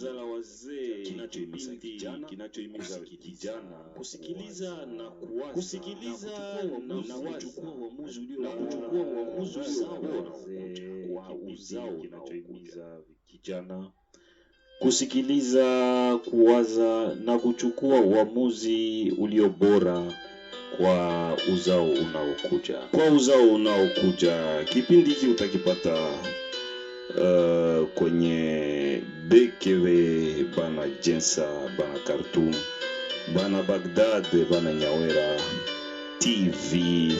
Baraza la wazee kinachohimiza kijana, kinachohimiza kijana kusikiliza na kuwaza, kusikiliza na kuchukua uamuzi ulio na kuchukua uamuzi ulio kwa uzao kinachohimiza kijana kusikiliza, kuwaza na kuchukua uamuzi ulio bora kwa uzao unaokuja, kwa uzao unaokuja. Kipindi hiki utakipata uh, kwenye bekile bana jensa bana khartoum bana bagdad bana nyawera tv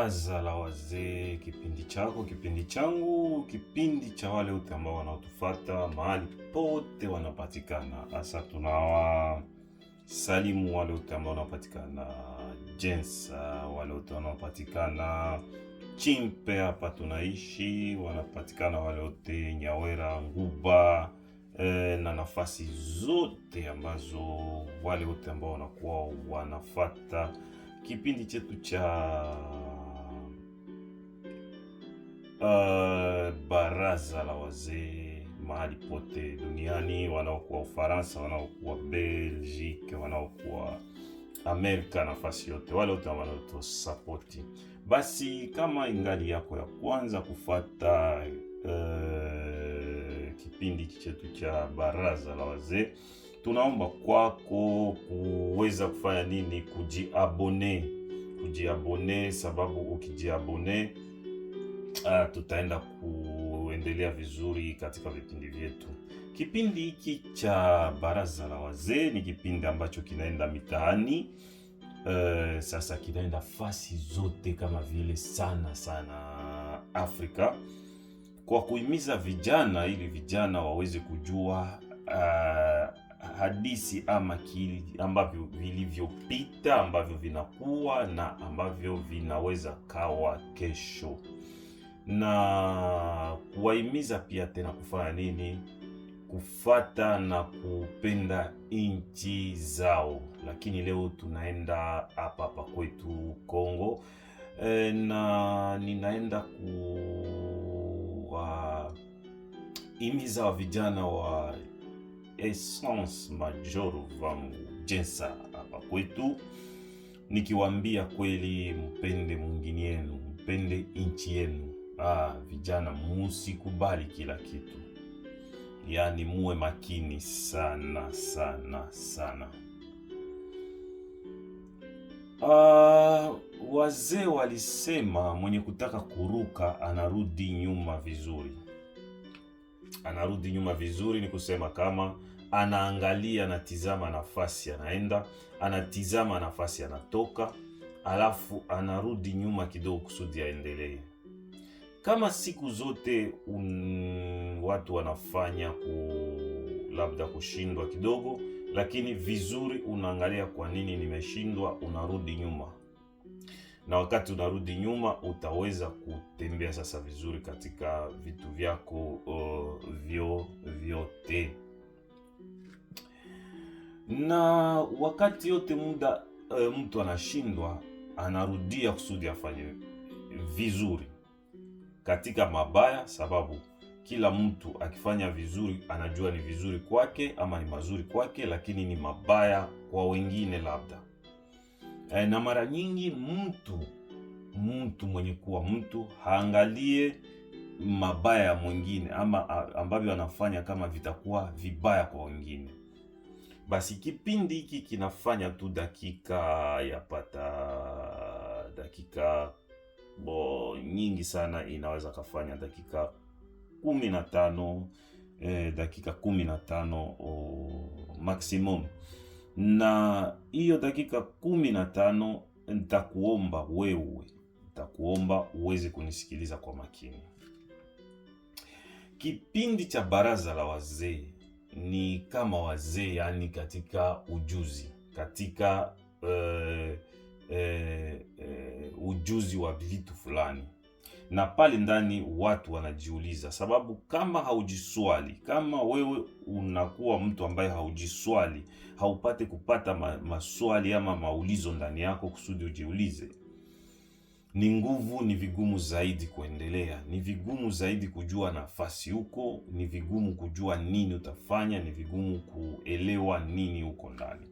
Baraza la Wazee, kipindi chako, kipindi changu, kipindi cha wale wote ambao wanaotufata mahali pote wanapatikana. Hasa tunawa salimu wale wote ambao wanapatikana Jensa, wale wote wanaopatikana Chimpe, hapa tunaishi, wanapatikana wale wote Nyawera, Nguba e, na nafasi zote ambazo wale wote ambao wanakuwa wanafata kipindi chetu cha uh, baraza la wazee mahali pote duniani, wanaokuwa Ufaransa, wanaokuwa Belgique, wanaokuwa Amerika, nafasi yote wale wote wanaotusapoti. Basi kama ingali yako ya kwanza kufata uh, kipindi chetu cha baraza la wazee tunaomba kwako kuweza kufanya nini? Kujiabone, kujiabone sababu ukijiabone uh, tutaenda kuendelea vizuri katika vipindi vyetu. Kipindi hiki cha baraza la wazee ni kipindi ambacho kinaenda mitaani. Uh, sasa kinaenda fasi zote kama vile sana sana Afrika kwa kuhimiza vijana ili vijana waweze kujua uh, ah, hadisi ama kili ambavyo vilivyopita ambavyo vinakuwa na ambavyo vinaweza kawa kesho na kuwahimiza pia tena kufanya nini, kufata na kupenda nchi zao. Lakini leo tunaenda hapa hapa kwetu Kongo e, na ninaenda kuwahimiza wa vijana wa Essence Major vangu Jensa hapa kwetu, nikiwaambia kweli, mpende mwingine yenu, mpende nchi yenu ah, vijana musikubali kila kitu, yaani muwe makini sana sana sana. Ah, wazee walisema mwenye kutaka kuruka anarudi nyuma vizuri. Anarudi nyuma vizuri ni kusema kama anaangalia, anatizama nafasi anaenda, anatizama nafasi anatoka, alafu anarudi nyuma kidogo kusudi aendelee. Kama siku zote un, watu wanafanya ku labda kushindwa kidogo, lakini vizuri unaangalia kwa nini nimeshindwa, unarudi nyuma, na wakati unarudi nyuma utaweza kutembea sasa vizuri katika vitu vyako uh, vyo vyote na wakati yote muda uh, mtu anashindwa anarudia kusudi afanye vizuri katika mabaya, sababu kila mtu akifanya vizuri anajua ni vizuri kwake ama ni mazuri kwake, lakini ni mabaya kwa wengine labda. E, na mara nyingi mtu mtu mwenye kuwa mtu haangalie mabaya ya mwingine ama ambavyo anafanya kama vitakuwa vibaya kwa wengine. Basi kipindi hiki kinafanya tu dakika yapata dakika bo nyingi sana inaweza kafanya dakika kumi na tano e, eh, dakika kumi na tano o, oh, maximum. Na hiyo dakika kumi na tano nitakuomba wewe, nitakuomba uweze kunisikiliza kwa makini. Kipindi cha baraza la wazee ni kama wazee, yani katika ujuzi, katika uh, eh, eh, ujuzi wa vitu fulani, na pale ndani watu wanajiuliza, sababu kama haujiswali, kama wewe unakuwa mtu ambaye haujiswali, haupate kupata ma maswali ama maulizo ndani yako kusudi ujiulize ni nguvu, ni vigumu zaidi kuendelea, ni vigumu zaidi kujua nafasi huko, ni vigumu kujua nini utafanya, ni vigumu kuelewa nini huko ndani.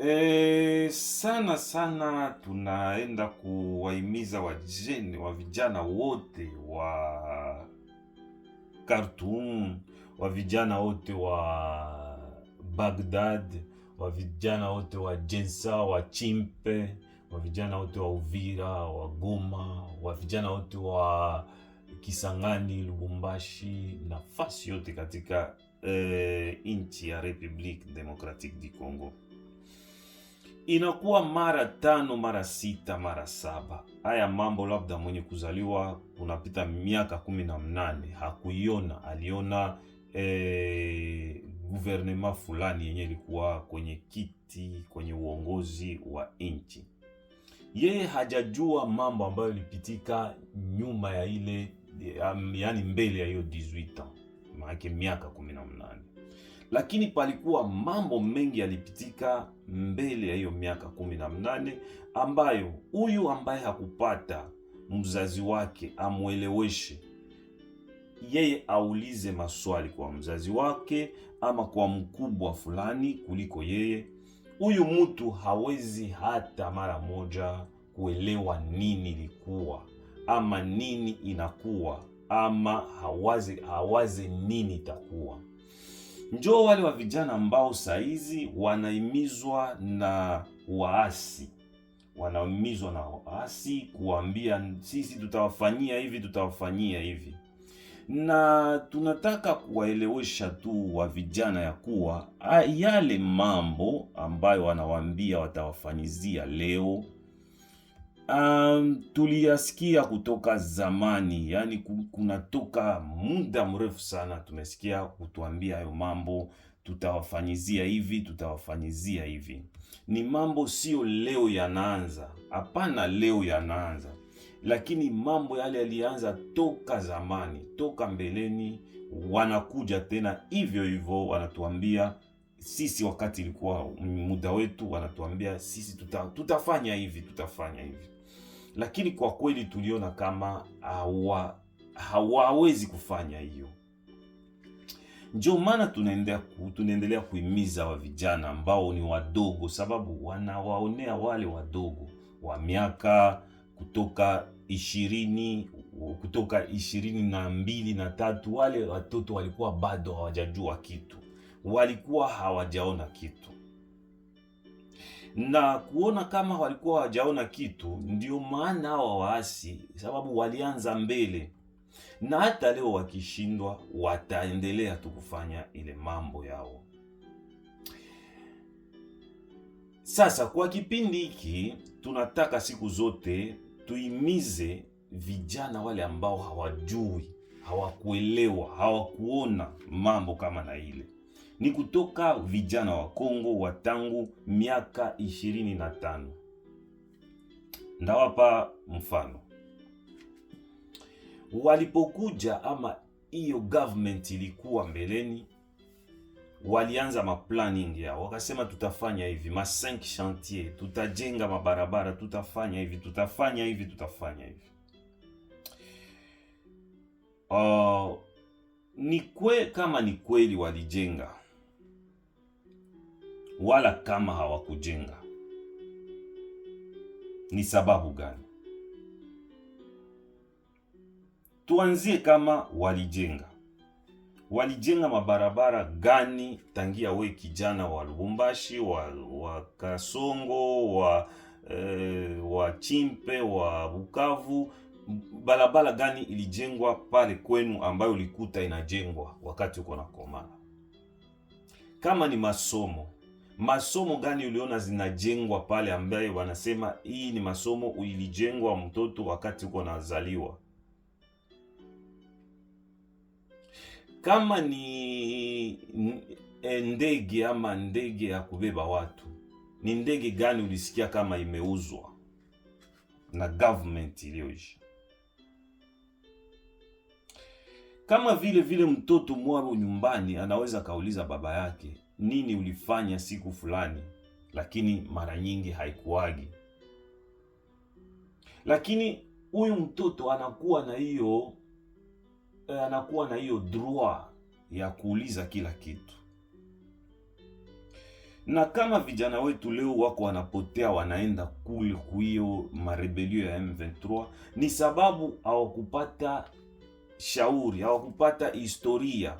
E, sana sana tunaenda kuwahimiza wajeni wa vijana wote wa Khartoum, wa vijana wote wa Baghdad, wa vijana wote wa Jensa, wa Chimpe, wa vijana wote wa Uvira, wa Goma, wa vijana wote wa Kisangani, Lubumbashi, nafasi yote katika e, nchi ya Republic Democratic du Congo inakuwa mara tano mara sita mara saba. Haya mambo labda mwenye kuzaliwa unapita miaka kumi na mnane hakuiona, aliona e, guvernema fulani yenye ilikuwa kwenye kiti kwenye uongozi wa nchi, yeye hajajua mambo ambayo ilipitika nyuma ya ile yaani mbele ya hiyo 18 maanake miaka kumi na mnane lakini palikuwa mambo mengi yalipitika mbele ya hiyo miaka kumi na mnane ambayo huyu ambaye hakupata mzazi wake amweleweshe yeye aulize maswali kwa mzazi wake ama kwa mkubwa fulani kuliko yeye. Huyu mtu hawezi hata mara moja kuelewa nini ilikuwa ama nini inakuwa ama hawaze hawaze nini itakuwa. Njoo wale wa vijana ambao saizi wanaimizwa na waasi, wanaimizwa na waasi kuambia sisi tutawafanyia hivi, tutawafanyia hivi, na tunataka kuwaelewesha tu wa vijana ya kuwa yale mambo ambayo wanawaambia watawafanyizia leo Um, tuliyasikia kutoka zamani, yaani kunatoka muda mrefu sana tumesikia kutuambia hayo mambo, tutawafanyizia hivi, tutawafanyizia hivi. Ni mambo sio leo yanaanza, hapana, leo yanaanza, lakini mambo yale yalianza toka zamani, toka mbeleni. Wanakuja tena hivyo hivyo, wanatuambia sisi wakati ilikuwa muda wetu, wanatuambia sisi tuta, tutafanya hivi tutafanya hivi lakini kwa kweli tuliona kama hawa hawawezi kufanya hiyo. Ndio maana tunaendelea ku, tunaendelea kuhimiza wa vijana ambao ni wadogo, sababu wanawaonea wale wadogo wa miaka kutoka ishirini kutoka ishirini na mbili na tatu. Wale watoto walikuwa bado hawajajua kitu, walikuwa hawajaona kitu na kuona kama walikuwa hawajaona kitu, ndio maana hawa waasi, sababu walianza mbele, na hata leo wakishindwa, wataendelea tu kufanya ile mambo yao. Sasa kwa kipindi hiki tunataka siku zote tuimize vijana wale ambao hawajui, hawakuelewa, hawakuona mambo kama na ile ni kutoka vijana wa Kongo wa tangu miaka ishirini na tano. Ndawapa mfano walipokuja ama hiyo government ilikuwa mbeleni, walianza maplanning yao, wakasema tutafanya hivi ma 5 chantier, tutajenga mabarabara, tutafanya hivi tutafanya hivi tutafanya hivi. Uh, ni kwe kama ni kweli walijenga wala kama hawakujenga. Ni sababu gani? Tuanzie kama walijenga. Walijenga mabarabara gani tangia we kijana wa Lubumbashi, wa, wa Kasongo, wa eh, wa Chimpe, wa Bukavu? Barabara gani ilijengwa pale kwenu ambayo ulikuta inajengwa wakati uko na komana? Kama ni masomo masomo gani uliona zinajengwa pale, ambaye wanasema hii ni masomo ilijengwa mtoto wakati uko nazaliwa? Kama ni e, ndege ama ndege ya kubeba watu, ni ndege gani ulisikia kama imeuzwa na government iliyoishi? Kama vile vile mtoto mwaro nyumbani anaweza kauliza baba yake nini ulifanya siku fulani, lakini mara nyingi haikuwagi. Lakini huyu mtoto anakuwa na hiyo eh, anakuwa na hiyo droit ya kuuliza kila kitu, na kama vijana wetu leo wako wanapotea, wanaenda kule kuhiyo marebelio ya M23 ni sababu hawakupata shauri, hawakupata historia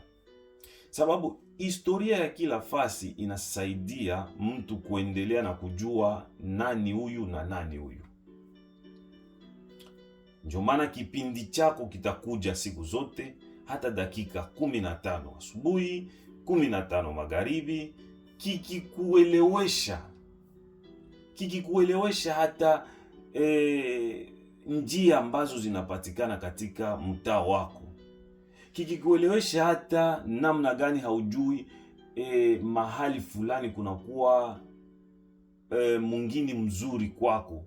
sababu historia ya kila fasi inasaidia mtu kuendelea na kujua nani huyu na nani huyu. Ndio maana kipindi chako kitakuja siku zote, hata dakika kumi na tano asubuhi, kumi na tano magharibi, kikikuelewesha kikikuelewesha hata e, njia ambazo zinapatikana katika mtaa wako kikikuelewesha hata namna gani haujui e, mahali fulani kunakuwa e, mwingine mzuri kwako,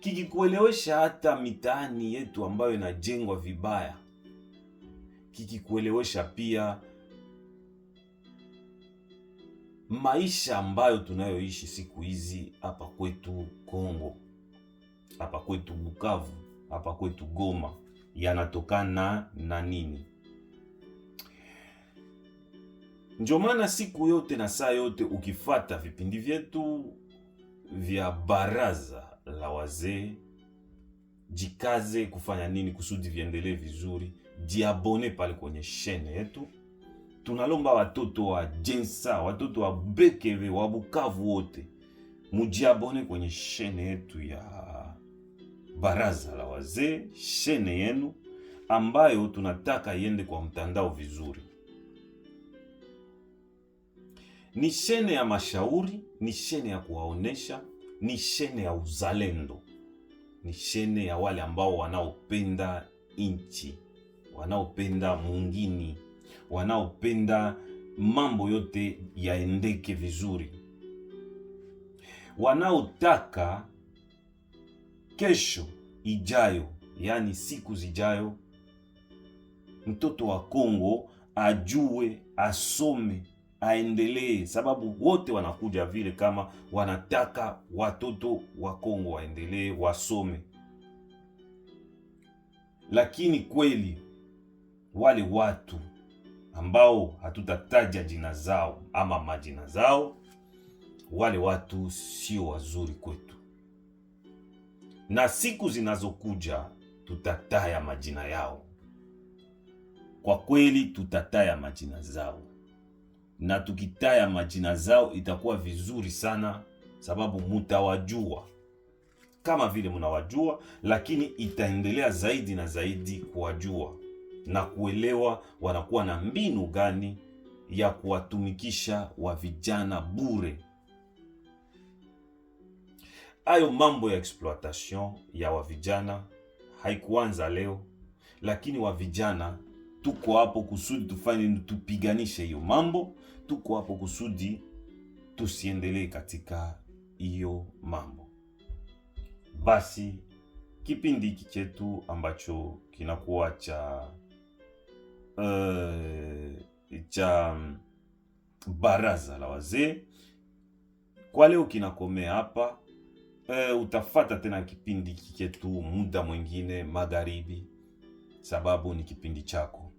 kikikuelewesha hata mitaani yetu ambayo inajengwa vibaya, kikikuelewesha pia maisha ambayo tunayoishi siku hizi hapa kwetu Kongo, hapa kwetu Bukavu, hapa kwetu Goma yanatokana na nini. Ndio maana siku yote na saa yote ukifata vipindi vyetu vya baraza la wazee, jikaze kufanya nini kusudi viendelee vizuri. Jiabone pale kwenye shene yetu, tunalomba watoto wa Jensa, watoto wa Bekeve, wa Bukavu wote mujiabone kwenye shene yetu ya baraza la wazee, shene yenu ambayo tunataka iende kwa mtandao vizuri. Ni shene ya mashauri, ni shene ya kuwaonesha, ni shene ya uzalendo, ni shene ya wale ambao wanaopenda nchi, wanaopenda mungini, wanaopenda mambo yote yaendeke vizuri, wanaotaka kesho ijayo, yaani siku zijayo, mtoto wa Kongo ajue, asome, aendelee, sababu wote wanakuja vile kama wanataka watoto wa Kongo waendelee, wasome. Lakini kweli wale watu ambao hatutataja jina zao ama majina zao, wale watu sio wazuri kwetu na siku zinazokuja tutataya majina yao. Kwa kweli tutataya majina zao, na tukitaya majina zao itakuwa vizuri sana, sababu mutawajua kama vile munawajua, lakini itaendelea zaidi na zaidi kuwajua na kuelewa wanakuwa na mbinu gani ya kuwatumikisha wa vijana bure. Hayo mambo ya exploitation ya wavijana haikuanza leo, lakini wavijana tuko hapo kusudi tufanye, tupiganishe hiyo mambo. Tuko hapo kusudi tusiendelee katika hiyo mambo. Basi kipindi hiki chetu ambacho kinakuwa cha uh, cha baraza la wazee kwa leo kinakomea hapa uh, utafata tena kipindi kiketu muda mwingine magharibi, sababu ni kipindi chako.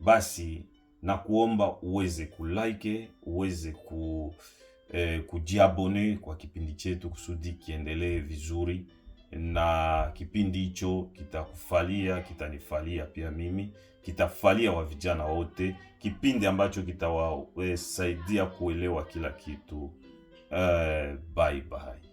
Basi nakuomba uweze kulike, uweze ku eh, kujiabone kwa kipindi chetu kusudi kiendelee vizuri, na kipindi hicho kitakufalia, kitanifalia pia mimi, kitafalia wa vijana wote, kipindi ambacho kitawasaidia kuelewa kila kitu. Uh, bye bye.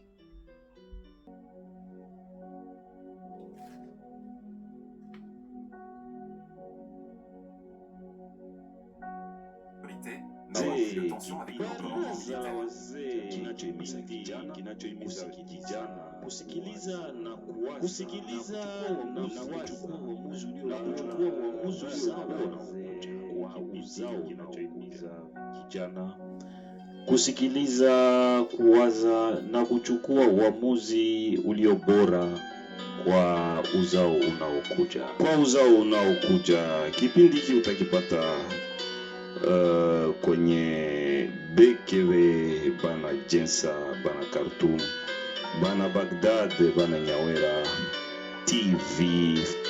kijana kusikiliza na kuchukua uamuzi wa uzao kijana kusikiliza kuwaza na kuchukua uamuzi ulio bora kwa uzao unaokuja, kwa uzao unaokuja. Kipindi hiki utakipata uh, kwenye Bekele bana Jensa bana Khartoum bana bagdad bana Nyawera TV